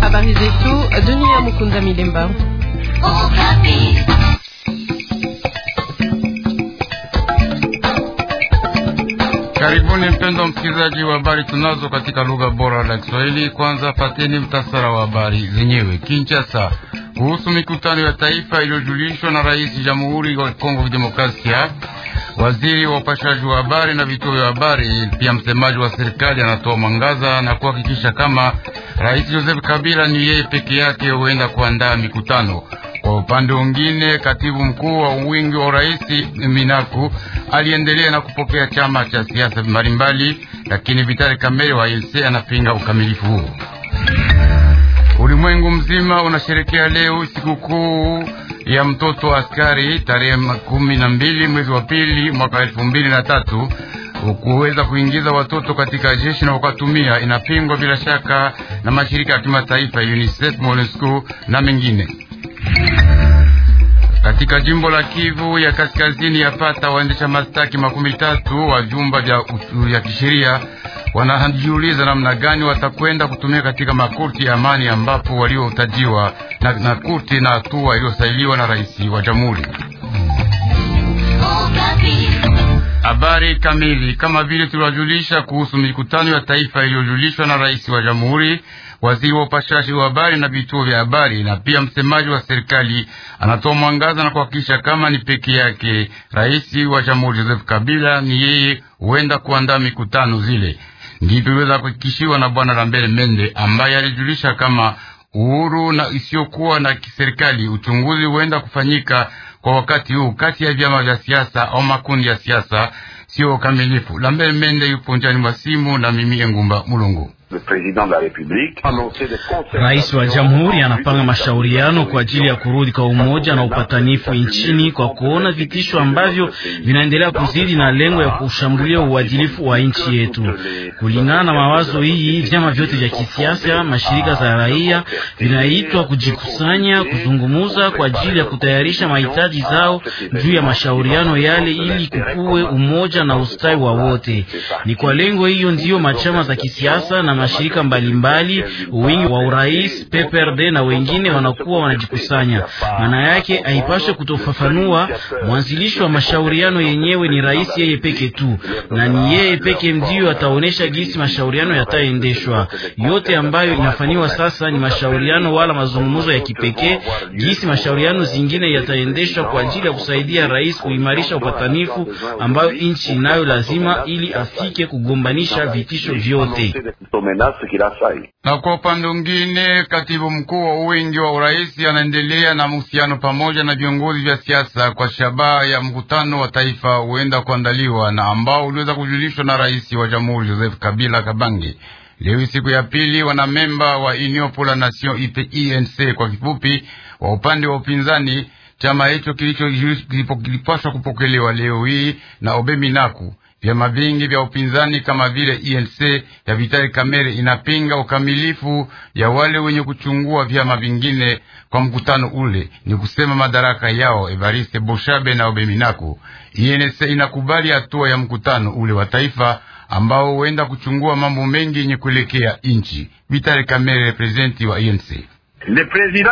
Habari zetu dunia, Mukunda Milemba. Karibuni mpendo msikilizaji wa habari tunazo katika lugha bora la Kiswahili. Kwanza pateni mtasara wa habari zenyewe. Kinshasa, kuhusu mikutano ya taifa iliyojulishwa na rais jamhuri wa Kongo Demokrasia Waziri wa upashaji wa habari na vituo vya habari pia msemaji wa serikali anatoa mwangaza na kuhakikisha kama Rais Joseph Kabila ni yeye peke yake huenda kuandaa mikutano. Kwa upande mwingine, katibu mkuu wa wingi wa urais Minaku aliendelea na kupokea chama cha siasa mbalimbali, lakini Vitali Kamere wa ANC anapinga ukamilifu huo. Ulimwengu mzima unasherekea leo sikukuu ya mtoto askari tarehe kumi na mbili mwezi wa pili mwaka elfu mbili na tatu kuweza kuingiza watoto katika jeshi na wakatumia, inapingwa bila shaka na mashirika ya kimataifa UNICEF, MONUSCO na mengine. Katika jimbo la Kivu ya kaskazini yapata waendesha mastaki makumi tatu wa vyumba vya kisheria wanajiuliza namna gani watakwenda kutumia katika makurti ya amani ambapo waliotajiwa na, na kurti na hatua iliyosailiwa na rais wa jamhuri. Habari kamili kama vile tuliwajulisha kuhusu mikutano ya taifa iliyojulishwa na rais wa jamhuri, waziri wa upashashi wa habari na vituo vya habari na pia msemaji wa serikali anatoa mwangaza na kuhakikisha kama ni peke yake rais wa jamhuri Joseph Kabila ni yeye huenda kuandaa mikutano zile ndivyo iweza kuhakikishiwa na bwana Lambert Mende ambaye alijulisha kama uhuru na isiyokuwa na kiserikali, uchunguzi huenda kufanyika kwa wakati huu kati ya vyama vya siasa au makundi ya siasa sio kamilifu. Lambert Mende yupo njani mwa simu na mimi Engumba Mulungu. Rais wa jamhuri anapanga mashauriano kwa ajili ya kurudi kwa umoja na upatanifu nchini kwa kuona vitisho ambavyo vinaendelea kuzidi na lengo ya kushambulia uadilifu wa nchi yetu. Kulingana na mawazo hii, vyama vyote vya kisiasa, mashirika za raia vinaitwa kujikusanya, kuzungumuza kwa ajili ya kutayarisha mahitaji zao juu ya mashauriano yale, ili kukuwe umoja na ustawi wa wote. Ni kwa lengo hiyo ndiyo machama za kisiasa na mashirika mbalimbali, wingi wa urais, PPRD na wengine wanakuwa wanajikusanya. Maana yake haipaswe kutofafanua. Mwanzilishi wa mashauriano yenyewe ni rais yeye peke tu, na ni yeye peke ndiyo ataonyesha gisi mashauriano yataendeshwa. Yote ambayo inafanyiwa sasa ni mashauriano wala mazungumzo ya kipekee, gisi mashauriano zingine yataendeshwa kwa ajili ya kusaidia rais kuimarisha upatanifu ambayo nchi inayo lazima, ili afike kugombanisha vitisho vyote menasi kila sai. Na kwa upande mwingine, katibu mkuu wa wingi wa urais anaendelea na mahusiano pamoja na viongozi vya siasa kwa shabaha ya mkutano wa taifa huenda kuandaliwa na ambao uliweza kujulishwa na rais wa jamhuri Joseph Kabila Kabange leo siku ya pili. Wanamemba wa Union pour la Nation inc e kwa kifupi, wa upande wa upinzani, chama hicho kilicho kupokelewa leo hii na Obeminaku Vyama vingi vya upinzani kama vile ENC ya Vitali Kamere inapinga ukamilifu ya wale wenye kuchungua vyama vingine kwa mkutano ule, ni kusema madaraka yao. Evariste Boshabe na Obeminako, ENC inakubali hatua ya mkutano ule wa taifa ambao huenda kuchungua mambo mengi yenye kuelekea nchi. Vitali Kamere, reprezenti wa ENC raisi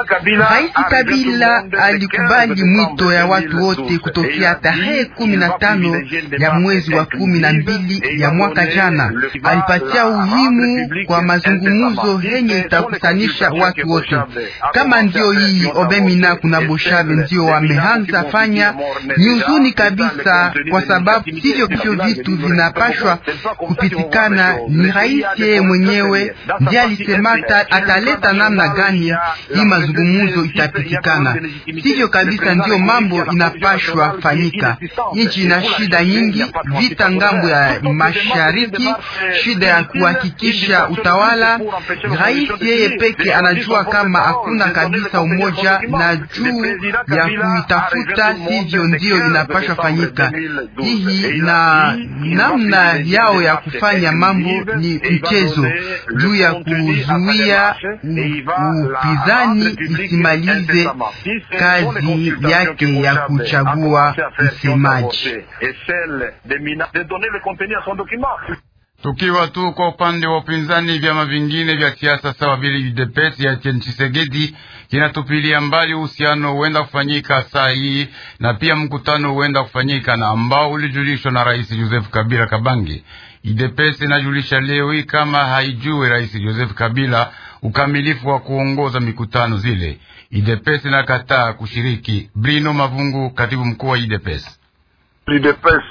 Kabila alikubali mwito ya watu wote kutokea tarehe kumi na tano ya mwezi wa kumi na mbili ya mwaka jana. Alipatia uhimu kwa mazungumzo yenye itakusanisha watu wote, kama ndio hii Obemina kuna Boshabe ndio wameanza fanya. Ni huzuni kabisa, kwa sababu sivyo vivyo vitu vinapashwa kupitikana. Ni rais yeye mwenyewe ndiye alisemata ataleta namna gani hii mazungumzo itapitikana, sivyo kabisa. Ndiyo mambo inapashwa fanyika. Nchi ina shida nyingi, vita ngambo ya mashariki, shida ya kuhakikisha utawala. Rais yeye peke anajua kama hakuna kabisa umoja, na juu ya kuitafuta, sivyo ndiyo inapashwa fanyika. Hii na namna yao ya kufanya mambo ni mchezo juu ya kuzuia upinzani isimalize kazi yake ya kuchagua msemaji. Tukiwa tu kwa upande wa upinzani, vyama vingine vya siasa sawa vile UDPS ya Tshisekedi kinatupilia mbali uhusiano huenda kufanyika saa hii na pia mkutano huenda kufanyika na ambao ulijulishwa na Rais Joseph Kabila Kabange. UDPS inajulisha leo hii kama haijui Rais Joseph Kabila ukamilifu wa kuongoza mikutano zile. IDPS kataa kushiriki. Brino Mavungu, katibu mkuu wa IDPS. IDPS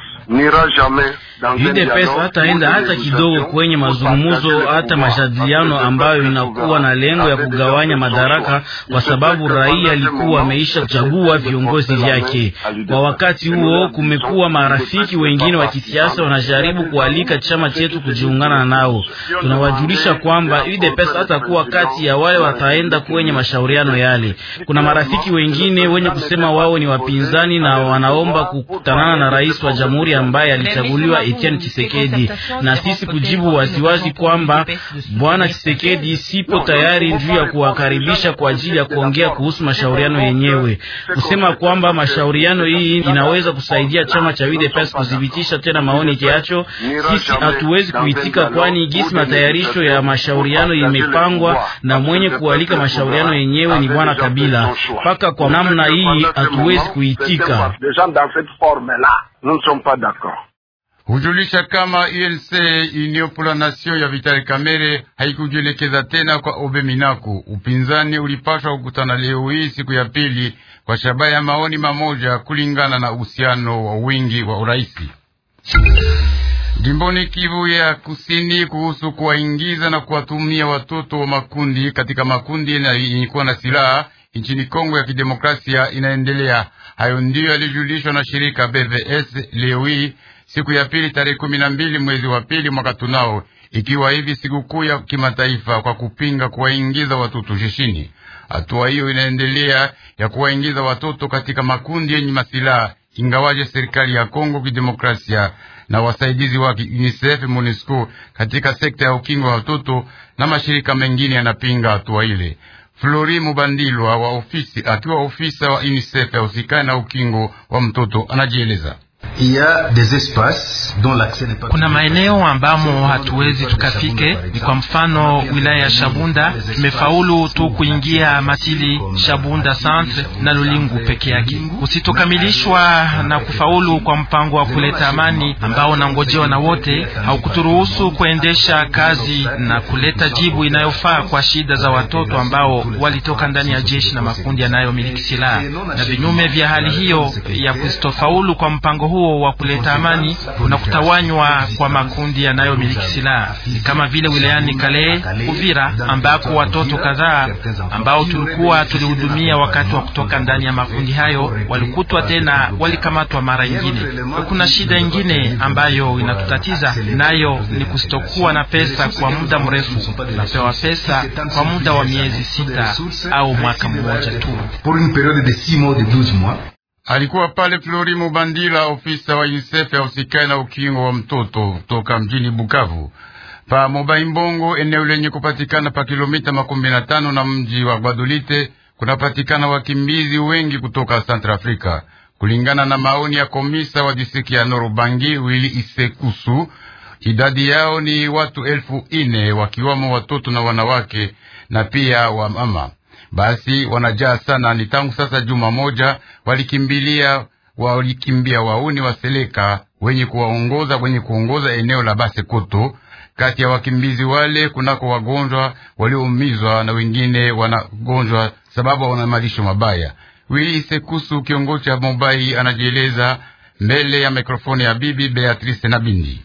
UDPS hataenda hata kidogo kwenye mazungumzo hata majadiliano ambayo inakuwa na lengo ya kugawanya madaraka, kwa sababu raia alikuwa ameisha kuchagua viongozi vyake. Kwa wakati huo, kumekuwa marafiki wengine wa kisiasa wanajaribu kualika chama chetu kujiungana nao. Tunawajulisha kwamba UDPS hatakuwa kati ya wale wataenda kwenye mashauriano yale. Kuna marafiki wengine wenye kusema wao ni wapinzani na wanaomba kukutanana na rais wa jamhuri jamhuri ambaye alichaguliwa Etienne Chisekedi, na sisi kujibu waziwazi kwamba bwana Chisekedi sipo tayari juu ya kuwakaribisha kwa ajili ya kuongea kuhusu mashauriano yenyewe, kusema kwamba mashauriano hii inaweza kusaidia chama cha UDPS kudhibitisha tena maoni yacho Sisi hatuwezi kuitika, kwani gisi matayarisho ya mashauriano imepangwa na mwenye kualika mashauriano yenyewe ni bwana Kabila. Mpaka kwa namna hii hatuwezi kuitika nous ne sommes pas d'accord. Hujulisha kama UNC e Union pour la Nation ya Vitali Kamere haikujielekeza tena kwa Obeminaku. Upinzani ulipashwa kukutana leo hii siku ya pili kwa shabaha ya maoni mamoja kulingana na uhusiano wa wingi wa uraisi jimboni Kivu ya Kusini kuhusu kuwaingiza na kuwatumia watoto wa makundi katika makundi yenye kuwa na silaha nchini Kongo ya Kidemokrasia inaendelea. Hayo ndiyo yalijulishwa na shirika BVS lewi siku ya pili tarehe kumi na mbili mwezi wa pili mwaka tunao, ikiwa hivi sikukuu ya kimataifa kwa kupinga kuwaingiza watoto jeshini. Hatua hiyo inaendelea ya kuwaingiza watoto katika makundi yenye masilaha, ingawaje serikali ya Kongo kidemokrasia na wasaidizi wake UNICEF, MONUSCO katika sekta ya ukingo wa watoto na mashirika mengine yanapinga hatua ile. Flori Mubandilwa wa ofisi akiwa ofisa wa UNICEF ya usikani na ukingo wa mtoto anajieleza kuna maeneo ambamo hatuwezi tukafike. Ni kwa mfano wilaya ya Shabunda, tumefaulu tu kuingia Matili, Shabunda centre na Lulingu peke yake. Kusitokamilishwa na kufaulu kwa mpango wa kuleta amani ambao unangojewa na wote haukuturuhusu kuendesha kazi na kuleta jibu inayofaa kwa shida za watoto ambao walitoka ndani ya jeshi na makundi yanayomiliki silaha, na vinyume vya hali hiyo ya kusitofaulu kwa mpango huo huo wa kuleta amani na kutawanywa kwa makundi yanayomiliki silaha kama vile wilayani Kale, Uvira, ambako watoto kadhaa ambao tulikuwa tulihudumia wakati wa kutoka ndani ya makundi hayo walikutwa tena, walikamatwa mara nyingine. Kuna shida ingine ambayo inatutatiza nayo ni kusitokuwa na pesa kwa muda mrefu. Tunapewa pesa kwa muda wa miezi sita au mwaka mmoja tu alikuwa pale Flori Mubandila, ofisa wa UNICEF ya usikai na ukingo wa mtoto toka mjini Bukavu pa Mobai Mbongo, eneo lenye kupatikana pa kilomita makumi na tano na mji wa Guadolite. Kunapatikana wakimbizi wengi kutoka Central Africa, kulingana na maoni ya komisa wa disiki ya Norubangi Wili Isekusu. Idadi yao ni watu elfu ine wakiwamo watoto na wanawake na pia wa mama basi wanajaa sana. Ni tangu sasa juma moja walikimbilia walikimbia wauni wa Seleka wenye kuwaongoza wenye kuongoza eneo la Base Kutu. Kati ya wakimbizi wale kunako wagonjwa walioumizwa na wengine wanagonjwa sababu wana malisho mabaya. wili sekusu kiongozi cha Mobai, anajieleza mbele ya mikrofoni ya bibi Beatrice Nabindi.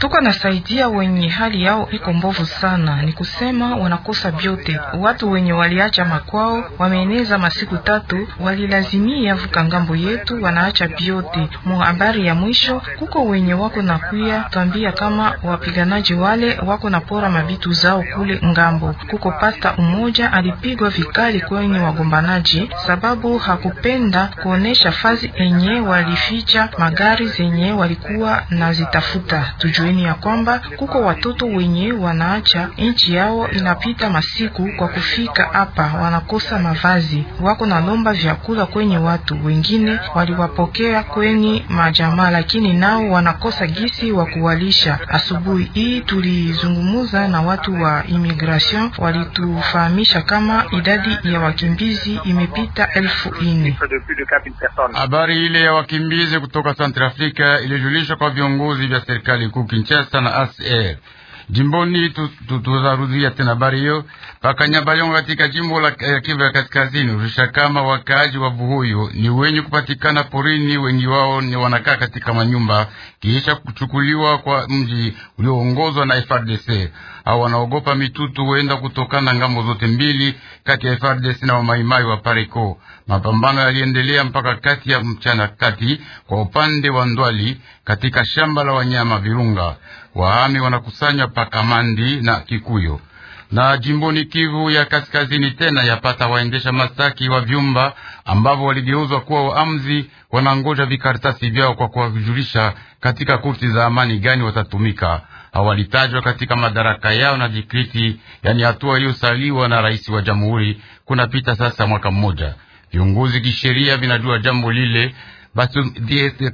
Tuko nasaidia wenye hali yao iko mbovu sana, ni kusema wanakosa vyote. Watu wenye waliacha makwao wameeneza masiku tatu, walilazimia vuka ngambo yetu, wanaacha vyote. Mu habari ya mwisho, kuko wenye wako na kuya twambia kama wapiganaji wale wako na pora mabitu zao kule ngambo. Kuko pasta umoja alipigwa vikali kwenye wagombanaji, sababu hakupenda kuonesha fazi enye walificha magari zenye wenye walikuwa zitafuta Tujueni ya kwamba kuko watoto wenye wanaacha nchi yao, inapita masiku kwa kufika hapa, wanakosa mavazi, wako na lomba vyakula kwenye watu wengine, waliwapokea kwenye majamaa, lakini nao wanakosa gisi wa kuwalisha. Asubuhi hii tulizungumuza na watu wa immigration, walitufahamisha kama idadi ya wakimbizi imepita elfu ine. Habari ile ya wakimbizi kutoka Centrafrica Afrika ilijulishwa kwa viongozi vya serikali kuu Kinshasa na ACR Jimboni tutarudia tena habari hiyo Pakanyabayonga katika jimbo la eh, Kivu ya Kaskazini. Ulisha kama wakaaji wa Buhuyu ni wenye kupatikana porini, wengi wao ni wanakaa katika manyumba kisha kuchukuliwa kwa mji ulioongozwa na FRDC. au wanaogopa mitutu huenda kutokana ngambo zote mbili kati ya FRDC na wamaimai wa pariko Mapambano yaliendelea mpaka kati ya mchana kati kwa upande wa Ndwali katika shamba la wanyama Virunga waami wanakusanywa pa Kamandi na Kikuyo na jimboni Kivu ya kaskazini tena yapata waendesha masaki wa vyumba ambavyo waligeuzwa kuwa waamzi wanangoja vikaratasi vyao kwa kuwajulisha katika kurti za amani gani watatumika. Hawalitajwa katika madaraka yao na dikriti, yani hatua iliyosaliwa na rais wa jamhuri. Kunapita sasa mwaka mmoja, viongozi kisheria vinajua jambo lile basi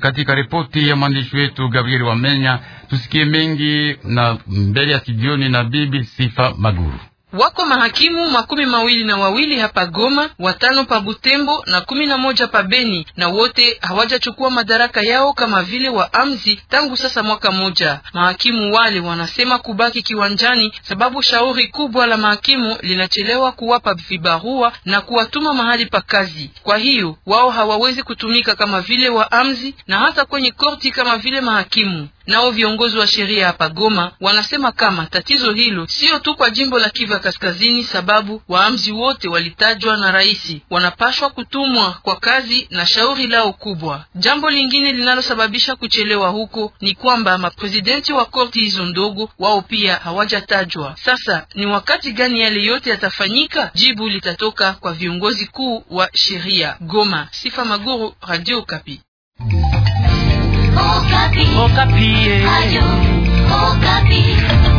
katika ripoti ya mwandishi wetu Gabriel Wamenya tusikie mengi na mbele ya studioni na bibi Sifa Maguru. Wako mahakimu makumi mawili na wawili hapa Goma, watano pa Butembo na kumi na moja pa Beni, na wote hawajachukua madaraka yao kama vile waamzi tangu sasa mwaka moja. Mahakimu wale wanasema kubaki kiwanjani, sababu shauri kubwa la mahakimu linachelewa kuwapa vibarua na kuwatuma mahali pa kazi. Kwa hiyo wao hawawezi kutumika kama vile waamzi na hata kwenye korti kama vile mahakimu. Nao viongozi wa sheria hapa Goma wanasema kama tatizo hilo sio tu kwa jimbo la Kivu Kaskazini, sababu waamzi wote walitajwa na rais wanapashwa kutumwa kwa kazi na shauri lao kubwa. Jambo lingine linalosababisha kuchelewa huko ni kwamba maprezidenti wa korti hizo ndogo wao pia hawajatajwa. Sasa ni wakati gani yale yote yatafanyika? Jibu litatoka kwa viongozi kuu wa sheria. Goma, Sifa Maguru, Radio Kapi. Okapi. Okapi. Eh.